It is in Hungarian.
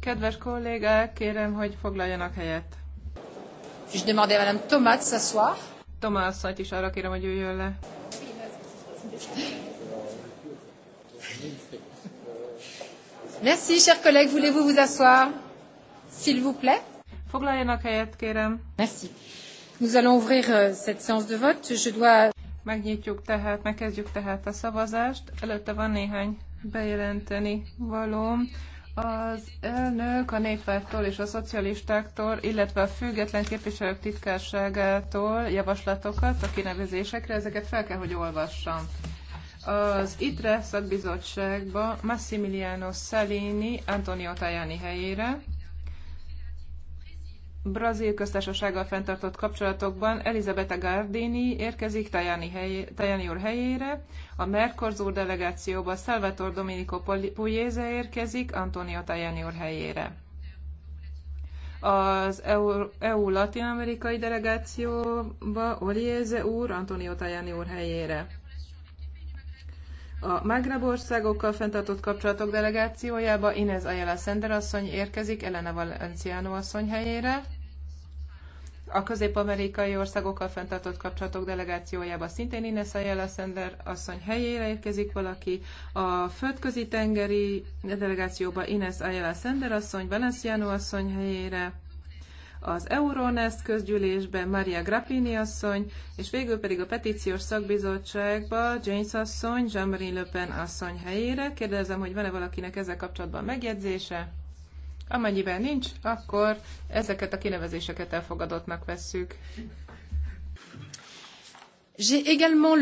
Kedves kollégák, kérem, hogy foglaljanak helyet. Je demandais à Madame Thomas de s'asseoir. Thomas asszonyt is arra kérem, hogy üljön le. Merci, chers collègues. Voulez-vous vous asseoir, s'il vous plaît? Foglaljanak helyet, kérem. Merci. Nous allons ouvrir euh, cette séance de vote. Je dois... Megnyitjuk tehát, megkezdjük tehát a szavazást. Előtte van néhány bejelenteni valóm. Az elnök a néppártól és a szocialistáktól, illetve a független képviselők titkárságától javaslatokat a kinevezésekre, ezeket fel kell, hogy olvassam. Az ITRE szakbizottságba Massimiliano Salini Antonio Tajani helyére, Brazil köztársasággal fenntartott kapcsolatokban Elizabeth Gardini érkezik Tajani, helyé, Tajani úr helyére, a Mercosur delegációba Salvatore Domenico Pugliese érkezik Antonio Tajani úr helyére. Az EU, latin-amerikai delegációba Oliéze úr Antonio Tajani úr helyére a Magreb országokkal fenntartott kapcsolatok delegációjába Inez Ayala Szender asszony érkezik Elena Valenciano asszony helyére. A közép-amerikai országokkal fenntartott kapcsolatok delegációjába szintén Ines Ayala Szender asszony helyére érkezik valaki. A földközi tengeri delegációba Ines Ayala Szender asszony Valenciano asszony helyére az Euronest közgyűlésben Maria Grappini asszony, és végül pedig a petíciós szakbizottságba James asszony, Jean-Marie Le Pen asszony helyére. Kérdezem, hogy van-e valakinek ezzel kapcsolatban megjegyzése? Amennyiben nincs, akkor ezeket a kinevezéseket elfogadottnak vesszük. J'ai également